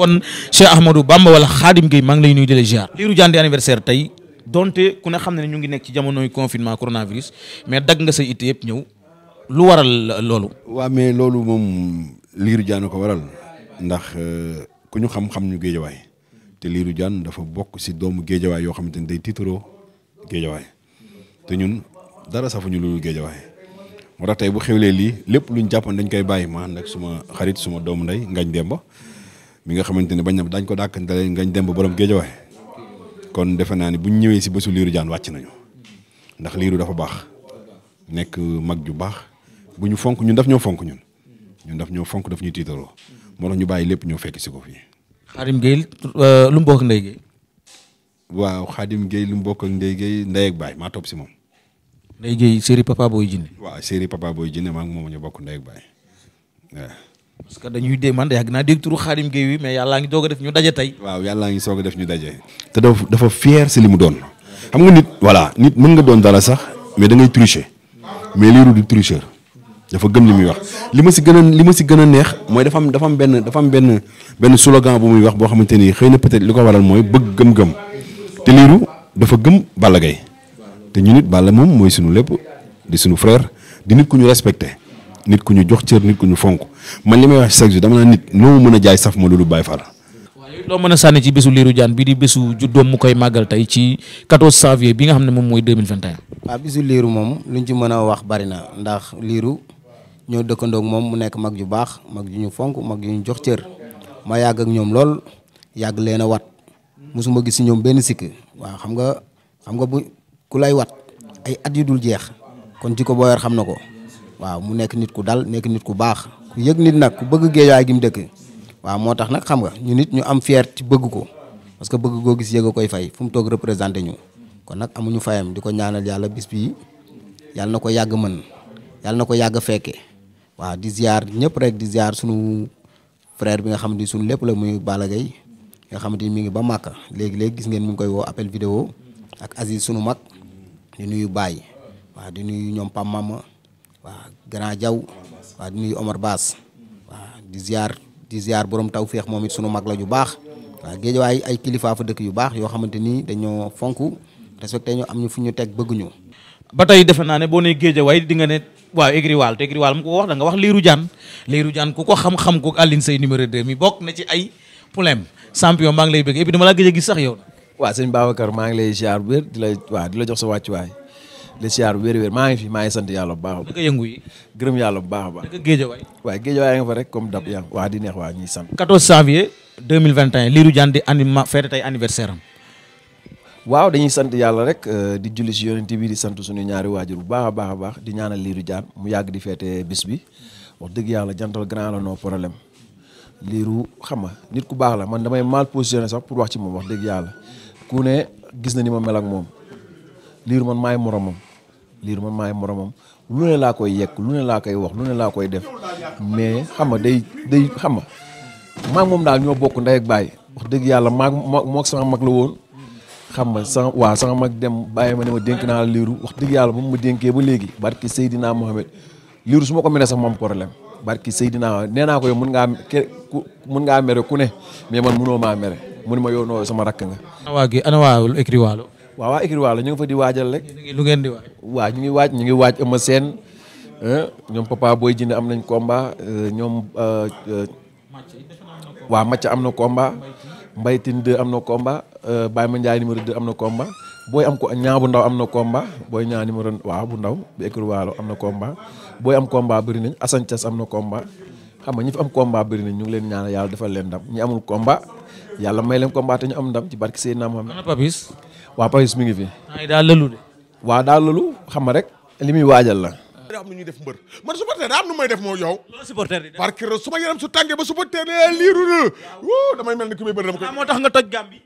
kon Cheikh Ahmadou Bamba wala Xaadim Gueye maa ngi lay nuyu di la ziar liiru jaan di anniversaire tey donte ku ne xam ne ñu ngi nekk ci jamonoy confinement coronavirus mais dagg nga sa itte yëpp ñëw lu waral loolu. waa mais loolu moom liiru jaan ko waral ndax euh, ku ñu xam-xam ñu géejawaay te liiru jaan dafa bokk si doomu géejawaay yoo xamante ni day tiitaroo géejawaay te ñun dara safuñu lu géejawaay moo tax tey bu xewlee lii lépp luñ jàppoon dañ koy bàyyi ma ànd ak suma xarit suma doomu ndey ngañ demba mi nga xamante ne bañ na dañ ko dàkkantale ngañ dem ba borom géej waxe kon defe naa ni buñ ñëwee si bésu liiru jaan wàcc nañu ndax liiru dafa baax nekk mag ju baax bu ñu fonk ñu daf ñoo fonk ñun ñun daf ñoo fonk daf ñu tiitaroo moo tax ñu bàyyi lépp ñoo fekk si ko fii. Xaadim Gueye lu mu bokk waaw Xaadim Gueye lu mu bokk ak Ndeye Gueye Ndeye maa topp si moom. Ndeye Gueye série Papa booy Djiné. waaw série Papa booy Djiné maa ngi moom ñu bokk Ndeye ak parce que dañuy dégg man yàgg naa dégg turu Xaadim Gueye wi mais yàllaa ngi doog a def ñu daje tey. waaw yàllaa ngi soog a def ñu daje. te dafa dafa fier si li mu doon. xam nga nit voilà nit mën nga doon dara sax mais da ngay tricher mais Lirou du tricheur dafa gëm li muy wax li ma si gën a li ma si gën a neex mooy dafa am dafa am benn dafa am benn benn slogan bu muy wax boo xamante ni xëy na peut-être li ko waral mooy bëgg gëm-gëm te Lirou dafa gëm Balla Gaye te ñu nit Balla moom mooy sunu lépp di sunu frère di ku ñu respecté. nit ku ñu jox cër nit ku ñu fonk man li may wax sax dama naan nit loo mën a jaay saf ma loolu Baye Fall. loo mën a sànni ci bésu Lirou jaan bii di bésu juddoom mu koy màggal tey ci 14 janvier bi nga xam ne moom mooy 2021. waaw bésu Lirou moom luñ ci mën a wax bari na ndax Lirou ñoo dëkkandoog moom mu nekk mag ju baax mag ju ñu fonk mag ju ñu jox cër ma yàgg ak ñoom lool yàgg leen a wat mosuma gis si ñoom benn sikk waaw xam nga xam nga bu ku lay wat ay at yu dul jeex kon ci ko booyar xam na ko waaw mu nekk nit ku dal nekk nit ku baax ku yëg nit nag ku bëgg géejaay gi mu dëkk waaw moo tax nag xam nga ñu nit ñu am fier ci bëgg ko parce que bëgg koo gis yëg a koy fay fu mu toog représenté ñu kon nag amuñu fayam di ko ñaanal yàlla bis bi yàlla na ko yàgg mën yàlla na ko yàgg fekke waaw di ziar ñëpp rek di ziar sunu frère bi nga xam ni sunu lépp la muy Balla Gaye nga xamante ni mi ngi ba màkk léegi léegi gis ngeen mu ngi koy woo appel vidéo ak Aziz sunu mag di nuyu Baye waaw di nuyu ñoom Pam Mama waaw grand jaw waaw di nuyu Omar Baas waaw di ziar di ziar borom taw féex moom it sunu mag la ju baax géej géejawaay ay kilifa fa dëkk yu baax yoo xamante ni dañoo fonk respecté ñu am ñu fu ñu teg bëgguñu. ba tey defe naa ne boo nee géejawaay di nga ne waa waaw égriwaal te égriwaal mu ko wax da nga wax Lirou Diane Lirou Diane ku ko xam-xam ko Alioune Seye numéro 2 mi bokk na ci ay problème champion maa ngi lay bëgg et dama laa gëj a gis sax yow. waa sëñ Babacar maa ngi lay ziar bu di la waaw di la jox sa wàccuwaay di siyaar bu wér wér ngi fi maa ngi sant bu baax a baax. naka yëngu yi. bu baax a baax. naka géejawaay. waaye géejawaay nga fa rek comme dab yaa waa di neex waa ñuy sant. 14 janvier 2021 Lirou Diane di anima fête tey anniversaire am. waaw dañuy sant yàlla rek euh, di julli si yonent bi di sant suñu ñaari waajur bu baax a baax a baax di ñaanal Lirou Diane mu yàgg di feete bis bi wax dëgg yàlla jantal grand la no problème liiru xam nga nit ku baax la man damay mal positionné sax pour wax ci moom wax dëgg yàlla ku ne gis na ni ma mel ak moom Lirou man maay moromam liir man maay moromam lu ne laa koy yekk lu ne laa koy wax lu ne laa koy def mais xam nga day day xam nga maag moom daal ñoo bokk ndey ak baay wax dëgg yàlla ma moog sama mag la woon xam nga sama waaw sama mag dem bàyyi ma ne ma dénk naa la liiru wax dëgg yàlla ba mu ma dénkee ba léegi barki Seydina Mohamed liiru su ma ko meree sax moom problème barki Seydina nee naa ko yow mun ngaa mun ngaa mere ku ne mais man munoo maa mere mu ne ma yow noo sama rakk waaw waa écurie Walo ñu ngi fa di waajal rek. lu ngeen di waaj. waaw ñu ngi waaj ñu ngi waaj Eumeu Sène ñoom Papa Boy Djiné am nañ komba euh, ñoom. Euh, euh, waa Macha am na combat. Mbaye Tine am na combat. Baye Mandiaye numéro 2 am na combat. booy am ko ñaa bu ndaw am na combat booy ñaa numéro waaw bu ndaw bu écurie am na combat. booy am combat bëri nañ Assane Thiass am na combat. xam nga ñu fi am komba bëri nañ ñu ngi leen ñaanal yàlla defal leen ndam ñi amul komba yàlla may leen combat te ñu am ndam ci barke Seydina Mohamed. ana Papis. waa Papis mi ngi fi. daal lëlu de. waa daal lëlu xam ma rek li muy waajal la. daa am ñuy def mbër man am nu may def moo yow. loolu supporter di def parce que su ma yaram su tàngee ba supporter ne liiru na wuu mel ni ku muy bëri dama moo tax nga toj gàmm bi.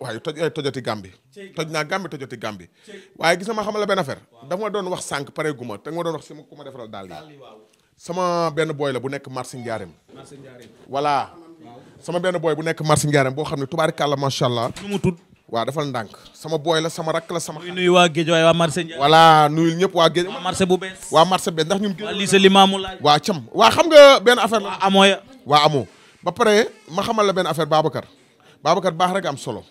waaye toj eh, tojoti gàmm bi. toj naa gàmm bi tojoti gàmm bi. waaye gis na ma xamal la benn affaire. dafa doon wax sànq pare gu ma te doon wax si ku ma defaral daal yi. sama benn boy la bu nekk marché Ndiarème. marché Ndiarème sama benn booy bu nekk marché Ndiarème boo xam ne tubaarikàlla macha allah. nu mu tudd. waaw dafal ndànk sama booy la sama rakk la sama. waa Géej waaye waa marché. ñëpp waa Géej. waa bu bees. waa marché ndax ñun. waa lycée Limamou waa Thiam waa xam nga benn affaire la. waa amoo ya. waa amoo ba pare ma xamal la benn affaire Babacar Babacar baax rek am solo.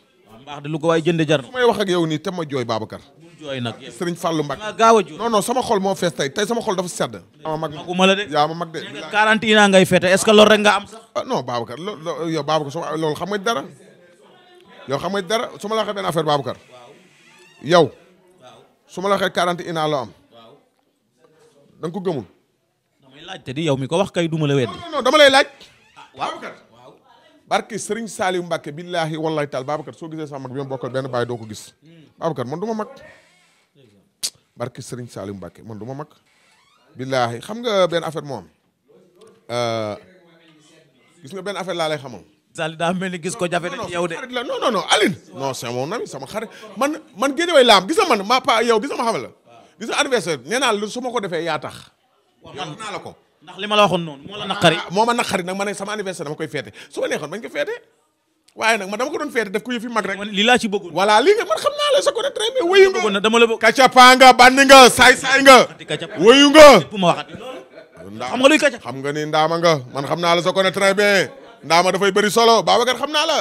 baax de lu ko waay jënd jar na. su may wax ak te ma jooy Babacar. jooy nag sëriñ Fallou a jooy non sama xol moo fees tey tey sama xol dafa sedd. yaa ma mag de yaa ma mag de. quarante ans ngay fête est-ce rek nga am sax. Ah, non Babacar loo yow Babacar soo xam nga dara yow xam nga dara su ma la waxee benn affaire Babacar yow su ma la waxee quarante ina am da ko gëmul. damay laaj te di yow mi ko wax kay duma la wedd. non dama lay laaj. Ah, Babacar barke Serigne Saliou Mbacke billaahi wallaahi taal Babacar soo gisee sama mag bi ma bokkal benn baay doo ko gis Babacar man du ma mag barke Serigne Saliou Mbacke man du ma mag. billaahi xam nga benn affaire moo am euh, gis nga benn affaire laa lay xamal. Sall daa mel ni gis ko jafe na yow de. non non non Aline. non c'est sama xarit man man Guédiawaye laam gis man ma pa yow ma xamal la. gis nga adversaire nee ma ko defee yaa tax. a naa la li ma la waxoon noonu moo la ah, moo ma naqari nag ma ne sama anniversaire dama koy feete su neexoon bañ ko feete. waaye nag man doon feete def ko yëfi mag rek. li laa ci bëggoon voilà lii xam naa la sa côté très bien wéyu la bëgg kacapaa nga bànni nga saay saay xam nga ni ndaama nga man xam naa la sa côté ndaama dafay bëri solo Babacar xam naa la.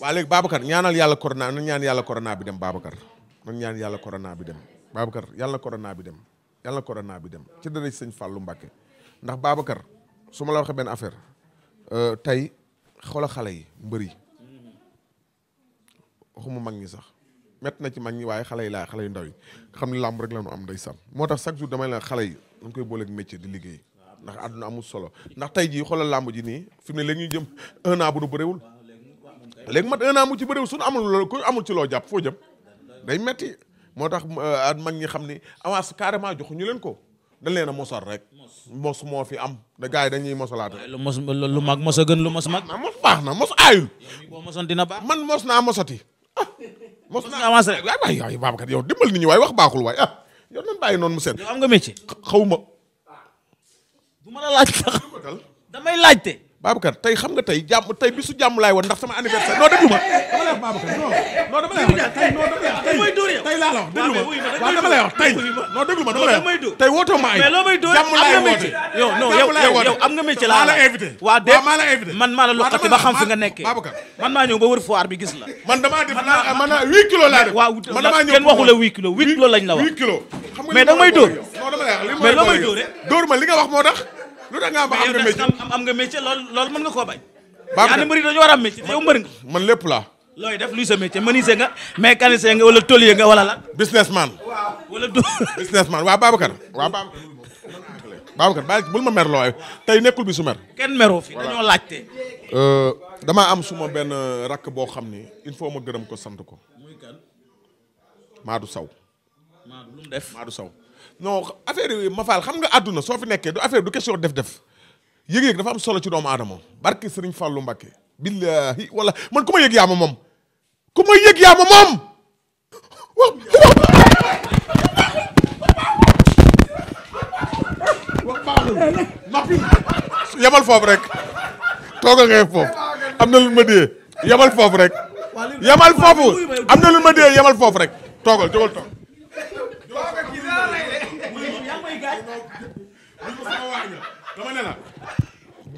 waa léegi Babacar ñaanal yàlla corona nan ñaan yàlla corona bi dem Babacar nan ñaan yàlla corona bi dem Babacar yàlla corona bi dem yàlla corona bi dem ci dara sëñ Fallou Mbacké ndax Babacar su ma la waxee benn affaire euh, tey xoola xale yi mbër yi waxuma mag ñi sax mett na ci mag ñi waaye xale yi laa xale yu ndaw yi xam ne làmb rek la ñu am ndeysaan moo tax chaque jour damay la xale yi dañ koy booleeg métier di liggéey. ndax àdduna amul solo ndax tey jii xoolal làmb ji nii fi mu ne léegi ñu jëm un an bu nu bëriwul léegi mat un mu ci bëriwul suñu amul loolu ko amul ci loo jàpp foo jëm day metti moo tax euh, at mag ñi xam ni avance carrément ñu leen ko da leen a mosal rek mos moo fi am da gars yi dañuy mosalaate lu mos lu mag mos a gën lu mos mag mos baax na mos aayul boo mosoon dina baax man mos naa mosati ah, mos naa avancé rek waay waay Babacar yow dimbal nit ñi waaye wax baaxul waay ah yow nan bàyyi noonu mu seen yow am nga métier xaw ma du ma la laaj sax damay laajte. Babacar tey xam nga tey jàmm tey bisu jàmm laay la wax déglu ma waaw dama lay wax tey non déglu ma dama ma ay jàmm laay woote yow non yow yow am nga métier laa la invité waaw maa la invité man maa la xam fi nga nekkee man maa ñëw ba wër foire bi la man damaa def laa man huit la huit kilos may dóor non loo may dóore dóor ma li nga wax moo tax lu tax nga am am nga métier am nga mën nga koo bañ. baax na yaa ne mbëri dañu war a am métier te nga. man lépp laa. looy def luy sa métier menuisier nga mécanicien nga wala tôlier nga wala lan. businessman. wala du. businessman waaw Babacar waaw Babacar. Babacar bàyyi bul ma mer tey nekkul bi su mer. kenn meroo fi dañoo laajte. Euh, damaa am suma benn rakk boo xam ni il faut ma gërëm ko sant ko. Maadou Sow. Maadou lu mu def non affaire yi xam nga àdduna soo fi nekkee du affaire du question def-def yëg-yëg dafa am solo ci doomu aadama barke Sëriñ Fàllu Mbàkke billahi wala man ku ma yëg yaa ma moom ku ma yëg yaa ma moom noppi yabal foofu rek tooga ngay foofu am na lu ma dee yabal foofu rek yabal foofu am na lu yamal dee yabal foofu rek toogal jógal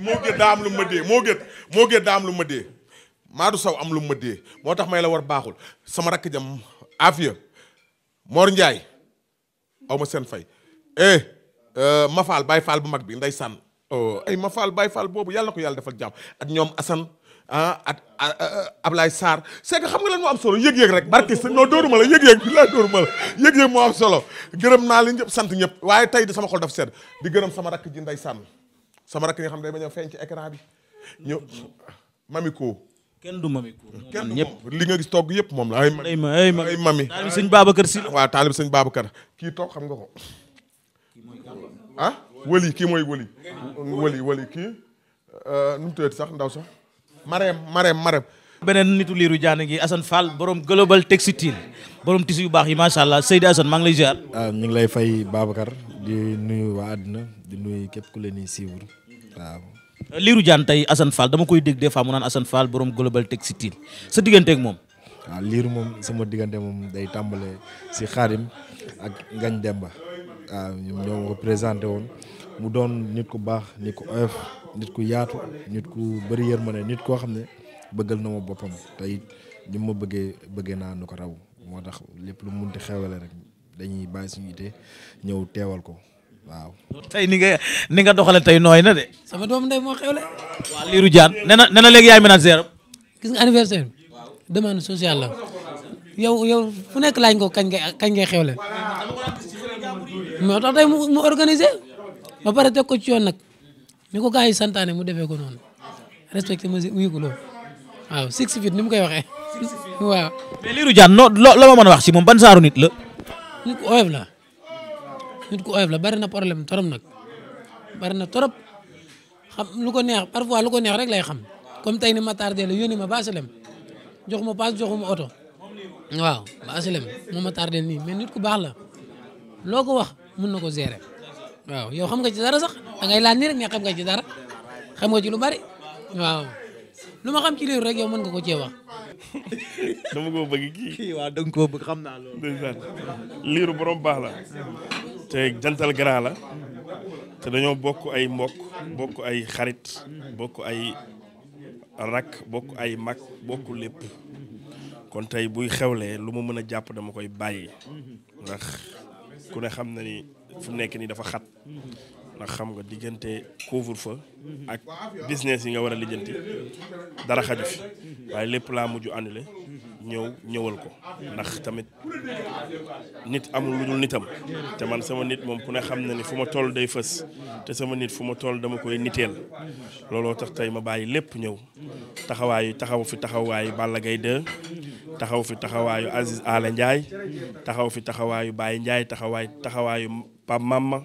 moo gét daa am lu ma dee moo gét moo gét daa am lu ma dee Maadou Sow am lu ma dee moo tax may la war baaxul sama rakk jam Afia moo Ndiaye aw ma seen fay eh euh, Mafal Baye Fall bu mag bi nday sànn oh, ay Mafal Baye Fall boobu yàlla ko yàlla defal jàmm ak ñoom Assane ah at ah, ah, ah, Ablaye Sarr c'est que xam nga leen moo am solo yëg-yëg rek barke sëñ non dóoruma la yëg-yëg bi laa dóoruma la yëg-yëg moo am solo gërëm naa leen ñëpp sant ñëpp waaye tey di sama xo daf sedd di gërëm sama rakk ji nday sànn sama rakk yi xam day bañ a feeñ ci écran bi ñëw kenn du mami ko kenn li nga gis togg yëpp moom la ay mami ay taalib sëñ Babacar si la waaw taalib sëñ Babacar kii toog xam nga ko ah wëli kii mooy wëli wëli wëli kii euh, nu mu tuddati sax ndaw sax mareem mareem mareem beneen nitu liiru jaane gi Assane Fall borom global textile borom tissu yu baax yi macha allah Seydi Assane maa ngi lay ziar ah, ñu ngi lay fay Babacar di nuyu waa àddina di nuyu képp ku leen di suivre waaw. liiru Diane tey Assane Fall dama koy dégg des fois mu naan Assane Fall borom global textile sa diggante moom. waaw ah, Lirou moom sama diggante moom day tàmbale si Xaadim ak Ngañ Demba waaw ah, ñoom ñoo ko présenté woon mu doon nit ku baax nit ku oyof nit ku yaatu nit ku bëri ne nit koo xam ne bëggal na ma boppam tey it ma bëggee bëggee naa nu ko raw moo tax lépp lu munti xewale rek. dañu bàyyi suñu ite teewal ko waaw. tey ni nga ni nga doxale tey nooy na de. sama doom ndey moo xewle. waaw Lirou Diane nee na nee na léegi yaay manager gis anniversaire bi demande la yow yow fu nekk laaj ko kañ ngay kañ ngay xewle tax tey mu organiser ba pare teg ko ci yoon nag ni ko gars yi santaane mu defee ko noonu respecté waaw six feet ni mu koy waxee waaw. mais noo loo ma wax si moom ban saaru nit la. nit ku oyof la nit ku la bari na problème torop nag bari na torop xam lu ko neex wa lu ko neex rek lay xam comme tey ni ma tardé la yónni ma baasilem jox ma paas joxu ma oto waaw baasilem moo ma tardé nii mais nit ku baax la loo ko wax mun na ko gérer waaw yow xam nga ci dara sax da ngay nii rek ne xam nga ci dara xam nga ci lu bari waaw. lu ma xam ci liir rek yow mën nga ko cee wax. dama koo bëgg kii. kii waaw koo bëgg xam naa loolu. liiru borom baax la. te jantal grand la. te dañoo bokk ay mbokk. bokk ay xarit. bokk ay rakk bokk ay mag bokk lépp. kon tey buy xewlee lu ma mën a jàpp dama koy bàyyi. ndax ku ne xam na ni fu nekk nii dafa xat. ndax xam nga diggante couvre fa ak business yi nga war a lijjanti dara xaju fi waaye lépp laa mujj annulé ñëw ñëwal ko ndax tamit nit amul lu dul nitam te man sama nit moom ku ne xam na ni fu ma toll day fës te sama nit fu ma toll dama koy niteel looloo tax tey ma bàyyi lépp ñëw taxawaayu taxaw fi taxawaayu Balla Gaye 2 taxaw fi taxawaayu Aziz Ala Ndiaye taxaw fi taxawaayu Baye Ndiaye taxawaay taxawaayu Pape ma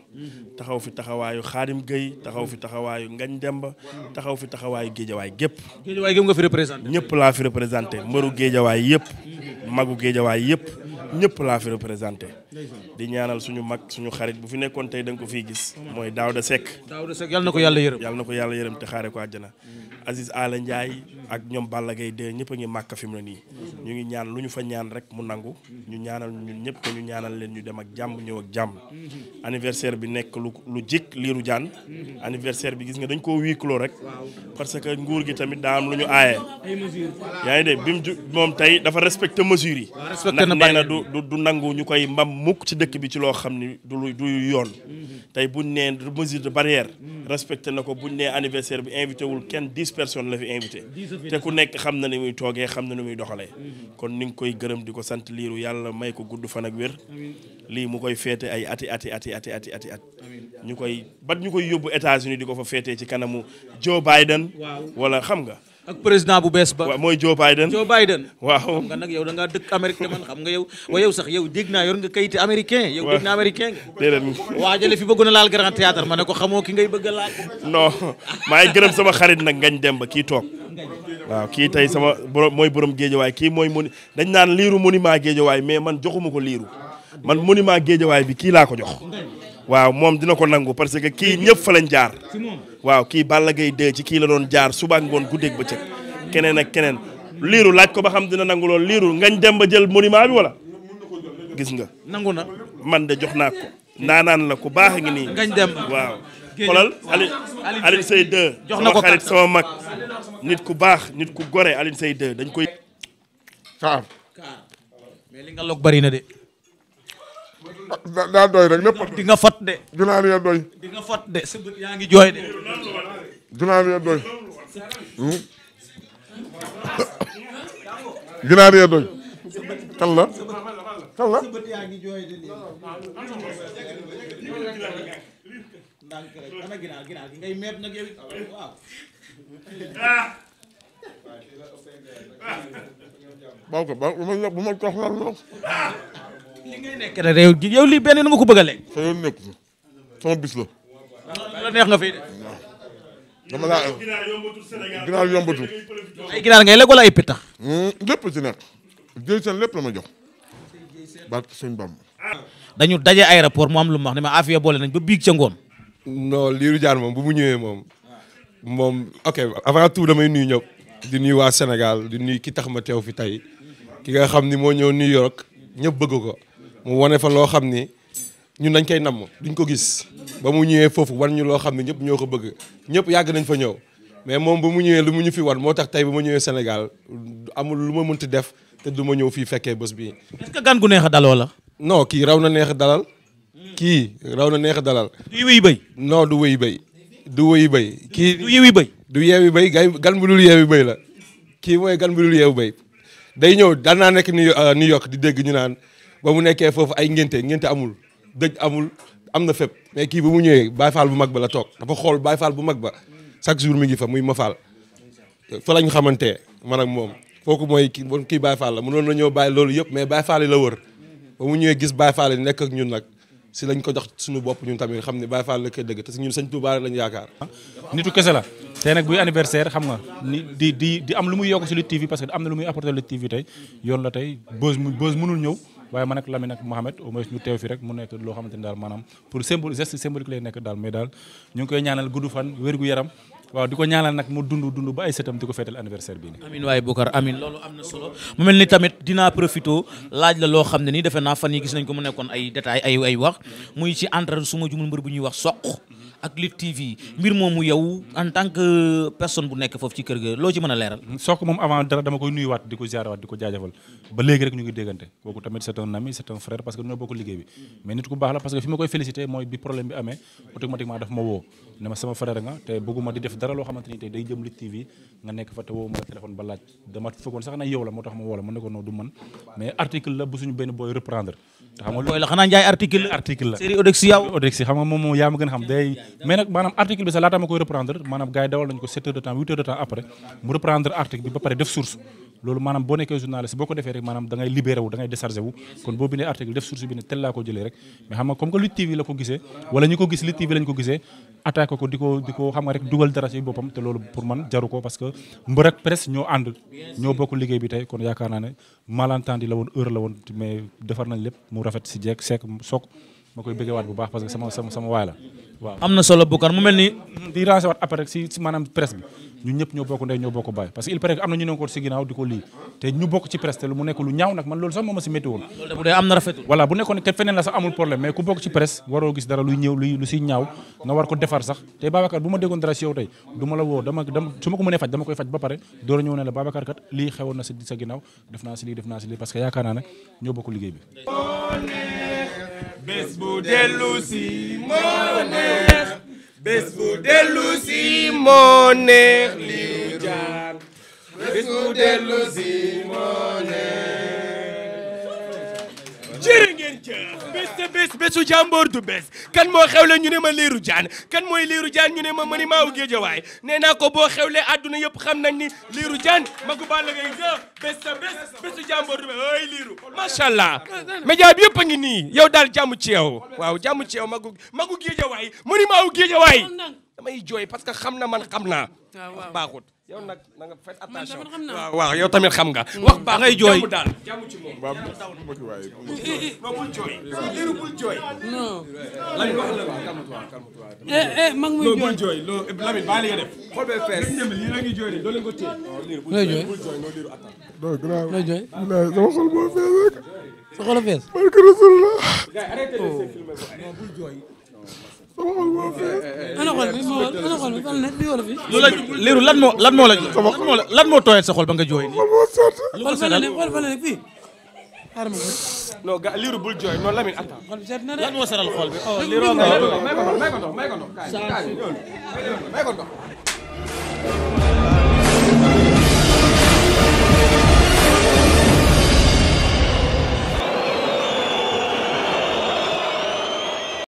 taxaw fi taxawaayu xaarim Gueye taxaw fi taxawaayu Ngañ Demba taxaw fi taxawaayu géejawaay gépp géejawaay gépp nga fi représenté ñëpp laa fi représenté mbëru géejawaay yëpp magu géejawaay yëpp ñëpp laa fi représenté di ñaanal suñu mag suñu xarit bu fi nekkoon tey da ko fi gis mooy Daouda Seck Daouda Seck na ko yàlla yërëm yàlla na ko yàlla yërëm te xaare ko àjjana ak ñoom Balla Gaye de ñëpp a ngi màkk fi mu ne nii ñu ngi ñaan lu ñu fa ñaan rek mu nangu ñu ñaanal ñun ñëpp te ñu ñaanal leen ñu dem ak jàmm ñëw ak jàmm anniversaire bi nekk lu lu jik liiru jaan anniversaire bi gis nga dañ koo huis clos rek parce que nguur gi tamit daa am lu ñu aaye yaa ngi dégg bi mu moom tey dafa respecté mesures yi ndax nee na du nangu ñu koy mbam mukk ci dëkk bi ci loo xam ni du du yoon tey buñ nee mesure de barrière respecté na ko buñ nee anniversaire bi invité wul kenn dix personnes la fi invité te ku nekk xam na ni muy toogee xam na ni muy doxalee kon ni nga koy gërëm di ko sant liiru yàlla may ko gudd fan ak wér lii mu koy feete ay ati ati ati ati ati ati at ñu koy bat ñu koy yóbbu États-Unis di ko fa feetee ci kanamu Joe Biden wala xam nga ak président bu bees ba. mooy Joe Biden Joe Biden. waaw nga nag yow da ngaa dëkk Amérique te man xam yow. sax yow dégg naa yor nga kayit américain. yow dégg naa américain nga. déedéet waa jële na laal grand théâtre ma ne ko xamoo ki ngay bëgg a laal. maa ngi gërëm sama xarit nag ngañ dem ba kii toog. waaw kii tey sama borom mooy borom waay kii mooy moni dañ naan liiru monument waay mais man joxuma ko liiru man monument géejawaay bi kii laa ko jox. waaw moom dina ko nangu parce que kii ñëpp fa lañ jaar. waaw kii Balla gay dee ci kii la doon jaar suba ngoon guddeeg bëccëg. keneen ak keneen liiru laaj ko ba xam dina nangu lool liiru ngañ dem ba jël monument bi wala. gis nga. nangu na man de jox naa ko. naan la ku baax a nii. ngañ dem waaw. xoolal Ali Alioune Seye jox na ko sama xarit sama mag. nit ku baax nit ku gore Alioune Seye 2 dañ koy. kaar mais li nga bari na de. daa doy rek de. fot de sa bët yaa ngi jooy de. junaan doy. junaan ya ngay nekk rek réew lii benn nga ko bëgg a lekk. sa yoon nekk sama bis la. la nga fay ay pitax. Hmm, lépp ci nekk. lépp la ma jox. barke sëñ Bamba. dañu daje aéroport mu am lu max wax ne ma Afia boole nañ ba biig ca ngoon. non Lirou Diane moom bu mu ñëwee moom. moom ok avant tout damay nuyu ñëpp. di nuyu waa Sénégal di nuyu ki tax ma teew fi tey ki nga xam ni moo ñëw New York ñëpp bëgg ko. mu wane fa loo xam ni ñun dañ koy namm duñ ko gis ba mu ñëwee foofu wan ñu loo xam ne ñëpp ñoo ko bëgg ñëpp yàgg nañ fa ñëw mais moom ba mu ñëwee lu mu ñu fi wan moo tax tey ba ma ñëwee Sénégal amul lu ma mënti def te du ma ñëw fii fekkee bës bii. est gan gu neex a daloo la. non kii raw na neex dalal. kii raw na neex dalal. du wéy bay. du wéy bay. du wéy bay. kii du yeewi bay. du yeewi bay gay gan bu dul yeewi la kii mooy gan bu dul yeewi bay day ñëw daan naa nekk New yokk euh, di dégg ñu naan. ba mu nekkee foofu ay ngénte ngénte amul dëj amul am na fep mais kii ba mu ñëwee Baye Fall bu mag ba la toog dafa xool Baye Fall bu mag ba chaque jour mi ngi fa muy ma Fall fa lañ xamante man ak moom kooku mooy kii kii Baye Fall la mënoon la ñëw bàyyi loolu yëpp mais Baye Fall la wër ba mu ñëwee gis Baye Fall nekk ak ñun nag si lañ ko jox suñu bopp ñun tamit xam ne Baye Fall la koy dëgg te si ñun sëñ lañ yaakaar. nitu kese la tey nag buy anniversaire xam nga ni di di di am lu muy yokk si Lutte TV que am na lu muy apporter Lutte TV tey yoon la tey mënul ñëw. waaye man ak Lamine ak Mohamed au moins ñu teew fi rek mu nekk loo xamante ni daal maanaam pour symbole lay nekk daal mais daal ñu ngi koy ñaanal gudd fan wérgu yaram waaw di ko ñaanal nag mu dund dund ba ay sëtam di ko feetal anniversaire bi ni amin waaye Bokar amin loolu am na solo mu mel ni tamit dinaa profito laaj la loo xam ne nii defe naa fan yi gis nañ ko mu nekkoon ay détails ay ay wax muy ci entre su ma jumul mbër bu ñuy wax soq ak Lutte TV mbir moomu yow en tant que personne bu nekk foofu ci kër ga loo ci mën a leeral. sook moom avant dara dama koy nuyuwaat di ko ziarewaat di ko jaajëfal ba léegi rek ñu ngi déggante kooku tamit c'est un ami c'est un frère parce que ñoo bokk liggéey bi mais nit ku baax la parce que fi ma koy féliciter mooy bi problème bi amee automatiquement sama frère nga te bëgguma di def dara loo xamante ni tey day jëm Lutte TV nga nekk fa te woo ma téléphone ba laaj la moo tax ma woo la ma ne ko non du man xam nga la xanaa njaay article article la série Odex yow Odex xam nga moom moom yaa gën a xam day mais nag bi sax laata ma koy reprendre maanaam gars dawal nañu ko 7 de temps 8 de temps après mu reprendre article bi ba pare def source loolu maanaam boo nekkee journaliste boo ko defee rek maanaam da ngay libéré wu da ngay déchargé wu kon boo bindee article def source bi ne tel ko jëlee rek mais xam comme que Lutte TV la ko gisee wala ñu ko gis Lutte TV lañ ko gisee attaqué ko di ko di ko xam nga rek dugal dara ci boppam te loolu pour man jaru ko parce que mbër ak ñoo ànd ñoo bokk liggéey bi tey kon yaakaar naa ne malentendu la woon heure la woon mais defar nañ lépp mu rafet ci jeeg seek sook ma koy bëggewaat bu baax parce que sama sama la waaw. am na solo Boucar mu mel ni. di rancé waat si si maanaam bi ñun ñëpp ñoo bokk ndey ñoo bokk baay parce que il paraît que am na ñu nekkoon si ginnaaw di ko lii te ma si métti woon. loolu la sax amul ma déggoon ma la woo dama dama su ma kat lii xewoon na si sa ginnaaw def naa si lii def naa si lii parce que yaakaar naa ne ñoo bokk liggéey bi bés bu dellu si moo neex bés bu dellu si moo neex si jërë ngeen jëf bés te bés bésu jàmboor du bés kan moo xewle ñu ne ma liiru jaan kenn mooy liiru jaan ñu ne ma mani maaw géejawaay nee naa ko boo xewle àdduna yëpp xam nañ ni liiru jaan magu bàll ngay jëf bés te bés du bés ay liiru macha allah média bi yëpp a ngi nii yow daal jàmm ci yow waaw jàmm ci yow magu magu géejawaay mani maaw géejawaay damay jooy parce que xam na man xam na baaxut yow nag na nga fekk attention waaw waaw yow tamit xam nga. Mm. wax baax ngay jooy daal jàmm ci moom. waaw bul jooy lii bul jooy. non. Lamine wax la waaw eh, eh, mag muy jooy bul jooy loo eh, Lamine baa li nga def. xool bee fees lii la ngi jooy de doo leen ko téye. looy jooy bul jooy loo liiru attan. non grave looy jooy. sama xol boo fees rek. sa xol fees. barke Rasulullah. gars arrêté de oh. filmer ko bul jooy. ana xol la liiru lan moo lan moo la lan moo tooyal sa xol ba jooy nii. xol fa la ne xol fa la ne fii. non ga liiru bul jooy non Lamine attends. xol bi moo seral xol bi. liiru nga may ko ndox may ko ndox may ko ndox kaay